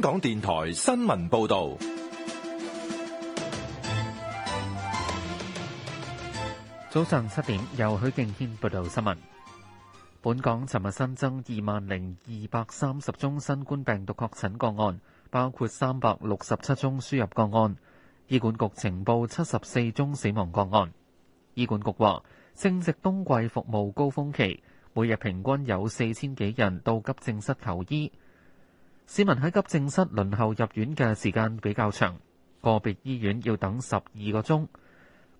港電台新聞報道：早上七點，由許敬軒報道新聞。本港尋日新增二萬零二百三十宗新冠病毒確診個案，包括三百六十七宗輸入個案。醫管局呈報七十四宗死亡個案。醫管局話，正值冬季服務高峰期，每日平均有四千幾人到急症室求醫。市民喺急症室輪候入院嘅時間比較長，個別醫院要等十二個鐘，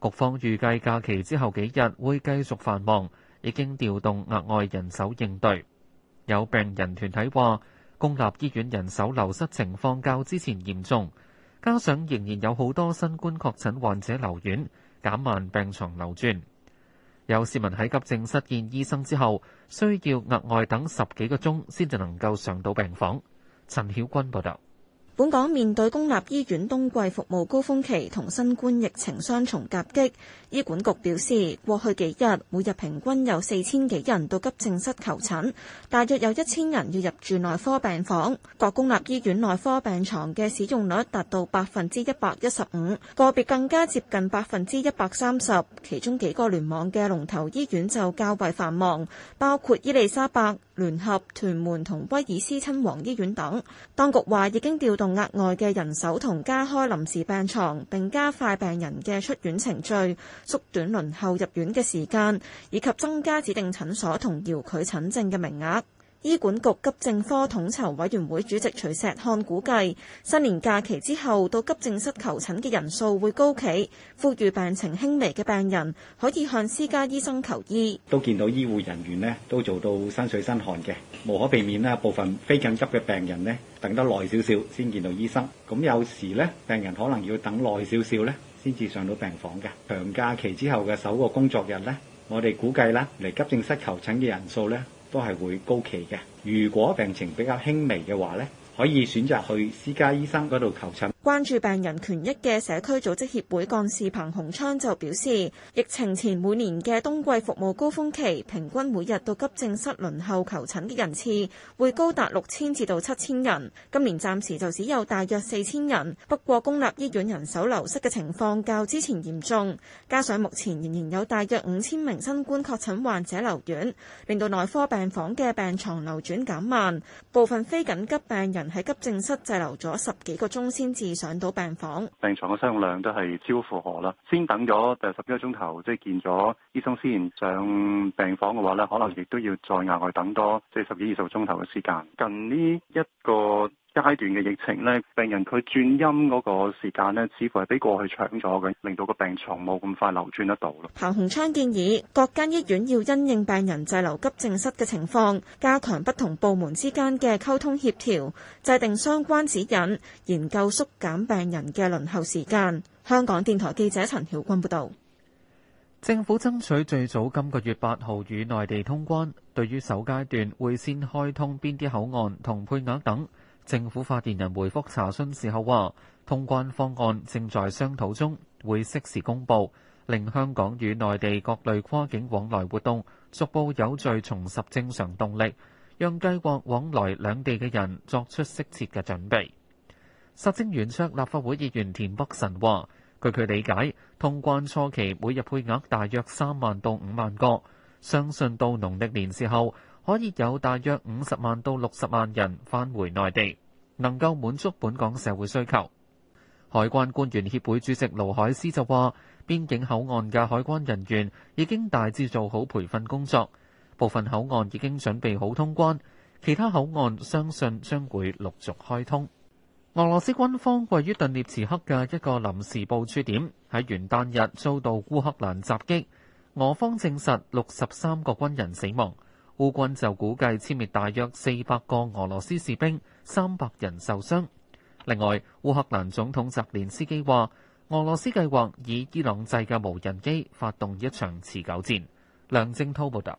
局方預計假期之後幾日會繼續繁忙，已經調動額外人手應對。有病人團體話公立醫院人手流失情況較之前嚴重，加上仍然有好多新冠確診患者留院，減慢病床流轉。有市民喺急症室見醫生之後需要額外等十幾個鐘先至能夠上到病房。陳曉君報道，本港面對公立醫院冬季服務高峰期同新冠疫情雙重夾擊，醫管局表示，過去幾日每日平均有四千幾人到急症室求診，大約有一千人要入住內科病房，各公立醫院內科病床嘅使用率達到百分之一百一十五，個別更加接近百分之一百三十，其中幾個聯網嘅龍頭醫院就較為繁忙，包括伊利沙伯。聯合屯門同威爾斯親王醫院等，當局話已經調動額外嘅人手同加開臨時病床，並加快病人嘅出院程序，縮短輪候入院嘅時間，以及增加指定診所同遙距診症嘅名額。醫管局急症科統籌委員會主席徐石漢估計，新年假期之後到急症室求診嘅人數會高企，呼籲病情輕微嘅病人可以向私家醫生求醫。都見到醫護人員呢都做到身水身汗嘅，無可避免啦。部分非緊急嘅病人呢等得耐少少先見到醫生。咁有時呢病人可能要等耐少少呢先至上到病房嘅。長假期之後嘅首個工作日呢，我哋估計啦，嚟急症室求診嘅人數呢。都係會高期嘅。如果病情比較輕微嘅話呢，可以選擇去私家醫生嗰度求診。關注病人權益嘅社區組織協會幹事彭洪昌就表示，疫情前每年嘅冬季服務高峰期，平均每日到急症室輪候求診嘅人次會高達六千至到七千人。今年暫時就只有大約四千人。不過公立醫院人手流失嘅情況較之前嚴重，加上目前仍然有大約五千名新冠確診患者留院，令到內科病房嘅病床流轉減慢，部分非緊急病人喺急症室滯留咗十幾個鐘先至。上到病房，病床嘅使用量都係超負荷啦。先等咗第十幾個鐘頭，即係見咗醫生先上病房嘅話咧，可能亦都要再額外等多即係十幾二十個鐘頭嘅時間。近呢一個。階段嘅疫情呢，病人佢轉陰嗰個時間咧，似乎係比過去長咗嘅，令到個病床冇咁快流轉得到咯。彭鴻昌建議各間醫院要因應病人滯留急症室嘅情況，加強不同部門之間嘅溝通協調，制定相關指引，研究縮減病人嘅輪候時間。香港電台記者陳曉君報導。政府爭取最早今個月八號與內地通關，對於首階段會先開通邊啲口岸同配額等。政府發言人回覆查詢時候話，通關方案正在商討中，會適時公佈，令香港與內地各類跨境往來活動逐步有序重拾正常動力，讓計劃往來兩地嘅人作出適切嘅準備。實政圓桌立法會議員田北辰話，據佢理解，通關初期每日配額大約三萬到五萬個，相信到農曆年時候。可以有大約五十萬到六十萬人返回內地，能夠滿足本港社會需求。海關官員協會主席盧海斯就話，邊境口岸嘅海關人員已經大致做好培訓工作，部分口岸已經準備好通關，其他口岸相信將會陸續開通。俄羅斯軍方位於頓涅茨克嘅一個臨時部署點喺元旦日遭到烏克蘭襲擊，俄方證實六十三個軍人死亡。烏軍就估計殲滅大約四百個俄羅斯士兵，三百人受傷。另外，烏克蘭總統澤連斯基話，俄羅斯計劃以伊朗製嘅無人機發動一場持久戰。梁正滔報道。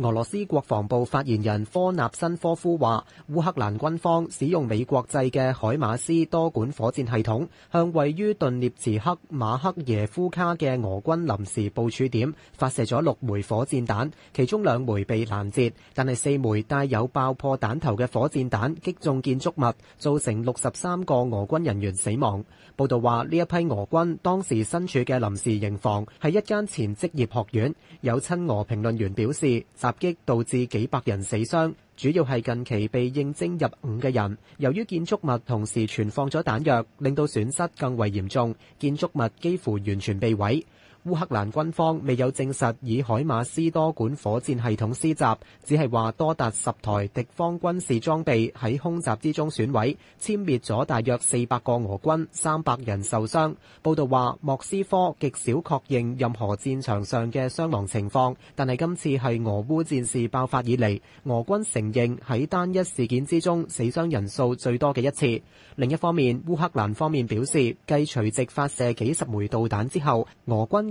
俄羅斯國防部發言人科納申科夫話，烏克蘭軍方使用美國製嘅海馬斯多管火箭系統，向位於頓涅茨克馬克耶夫卡嘅俄軍臨時部署點發射咗六枚火箭彈，其中兩枚被攔截，但係四枚帶有爆破彈頭嘅火箭彈擊中建築物，造成六十三個俄軍人員死亡。報道話，呢一批俄軍當時身處嘅臨時營房係一間前職業學院。有親俄評論員表示。襲擊導致幾百人死傷，主要係近期被應徵入伍嘅人。由於建築物同時存放咗彈藥，令到損失更為嚴重，建築物幾乎完全被毀。烏克蘭軍方未有證實以海馬斯多管火箭系統施襲，只係話多達十台敵方軍事裝備喺空襲之中損毀，殲滅咗大約四百個俄軍，三百人受傷。報道話莫斯科極少確認任何戰場上嘅傷亡情況，但係今次係俄烏戰事爆發以嚟，俄軍承認喺單一事件之中死傷人數最多嘅一次。另一方面，烏克蘭方面表示，繼隨即發射幾十枚導彈之後，俄軍。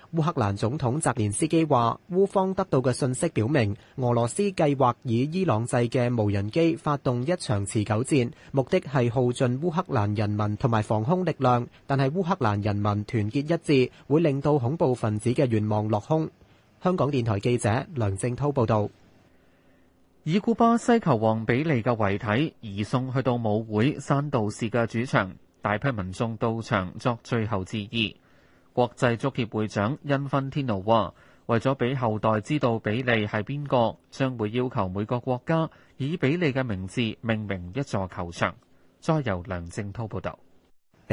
烏克蘭總統澤連斯基話,烏方得到嘅信息表明,俄羅斯計劃以伊朗製的無人機發動一場持久戰,目的係耗盡烏克蘭人民同埋防空力量,但係烏克蘭人民團結一致會令到恐怖分子嘅願望落空,香港電台記者梁正濤報導。國際足協會長恩芬天奴話：為咗畀後代知道比利係邊個，將會要求每個國家以比利嘅名字命名一座球場。再由梁正濤報道。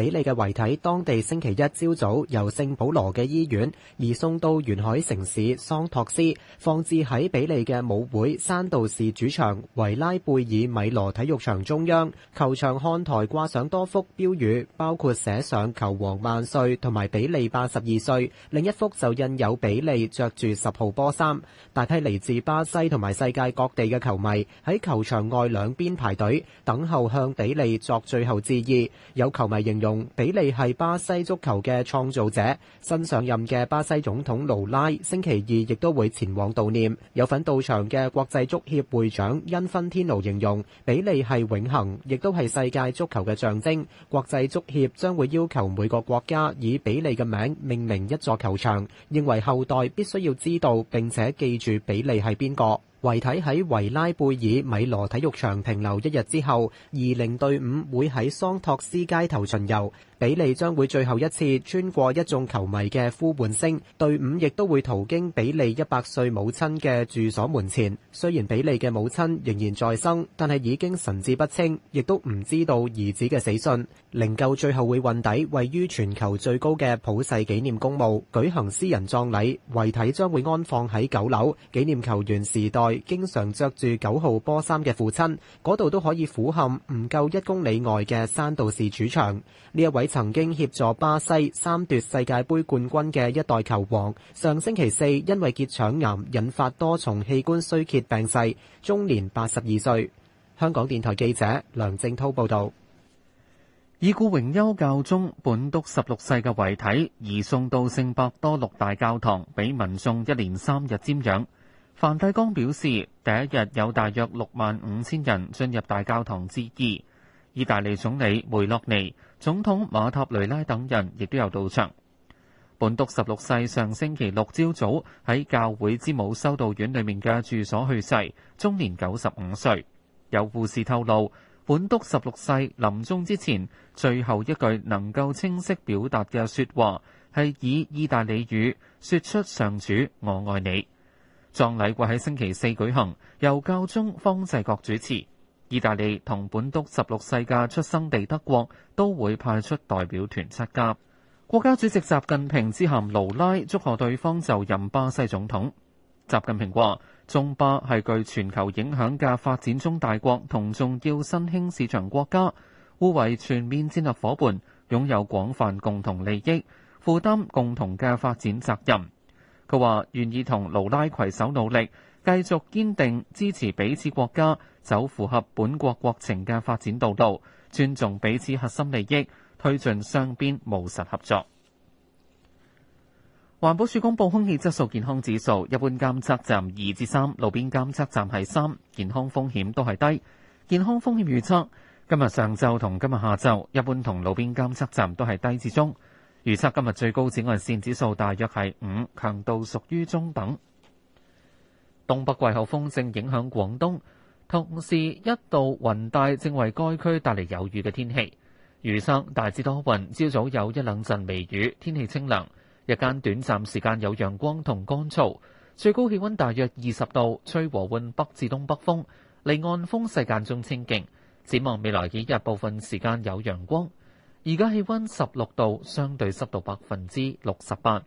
比利嘅遺體，當地星期一朝早由聖保羅嘅醫院移送到沿海城市桑托斯，放置喺比利嘅舞會山道士主場維拉貝爾米羅體育場中央。球場看台掛上多幅標語，包括寫上球王萬歲同埋比利八十二歲，另一幅就印有比利著住十號波衫。大批嚟自巴西同埋世界各地嘅球迷喺球場外兩邊排隊，等候向比利作最後致意。有球迷形容。比利係巴西足球嘅創造者，新上任嘅巴西總統盧拉星期二亦都會前往悼念。有份到場嘅國際足協會長恩芬天奴形容，比利係永恆，亦都係世界足球嘅象徵。國際足協將會要求每個國家以比利嘅名命名一座球場，認為後代必須要知道並且記住比利係邊個。遺體喺維拉貝爾米羅體育場停留一日之後，二零隊伍會喺桑托斯街頭巡遊。比利將會最後一次穿過一眾球迷嘅呼喚聲，隊伍亦都會途經比利一百歲母親嘅住所門前。雖然比利嘅母親仍然在生，但係已經神志不清，亦都唔知道兒子嘅死訊。靈柩最後會運抵位於全球最高嘅普世紀念公墓舉行私人葬禮，遺體將會安放喺九樓，紀念球員時代經常著住九號波衫嘅父親，嗰度都可以俯瞰唔夠一公里外嘅山度士主場。呢一位。曾經協助巴西三奪世界杯冠軍嘅一代球王，上星期四因為結腸癌引發多重器官衰竭病逝，終年八十二歲。香港電台記者梁正濤報道，已故榮休教宗本篤十六世嘅遺體移送到聖伯多禄大教堂，俾民眾一連三日瞻仰。梵蒂岡表示，第一日有大約六萬五千人進入大教堂致意。意大利總理梅洛尼。總統馬塔雷拉等人亦都有到場。本篤十六世上星期六朝早喺教會之母修道院裏面嘅住所去世，終年九十五歲。有護士透露，本篤十六世臨終之前最後一句能夠清晰表達嘅説話係以意大利語説出上主我愛你。葬禮會喺星期四舉行，由教宗方濟各主持。意大利同本督十六世嘅出生地德國都會派出代表團參加。國家主席習近平致函盧拉，祝賀對方就任巴西總統。習近平話：中巴係具全球影響嘅發展中大國同重要新興市場國家，互為全面戰略伙伴，擁有廣泛共同利益，負擔共同嘅發展責任。佢話願意同盧拉携手努力。繼續堅定支持彼此國家走符合本國國情嘅發展道路，尊重彼此核心利益，推進雙邊務實合作。環保署公布空氣質素健康指數，一般監測站二至三，3，路邊監測站係三，健康風險都係低。健康風險預測今日上晝同今日下晝，一般同路邊監測站都係低至中。預測今日最高紫外線指數大約係五，強度屬於中等。東北季候風正影響廣東，同時一道雲帶正為該區帶嚟有雨嘅天氣。餘生大致多雲，朝早有一兩陣微雨，天氣清涼。日間短暫時間有陽光同乾燥，最高氣溫大約二十度，吹和緩北至東北風，離岸風勢間中清勁。展望未來幾日，部分時間有陽光。而家氣溫十六度，相對濕度百分之六十八。